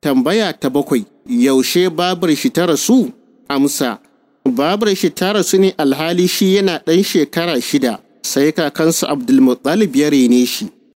Tambaya ta bakwai, yaushe babar shi ta rasu? Amsa, babar shi ta rasu ne alhali shi yana ɗan shekara shida, sai kakansa Abdulmuttalib ya rene shi.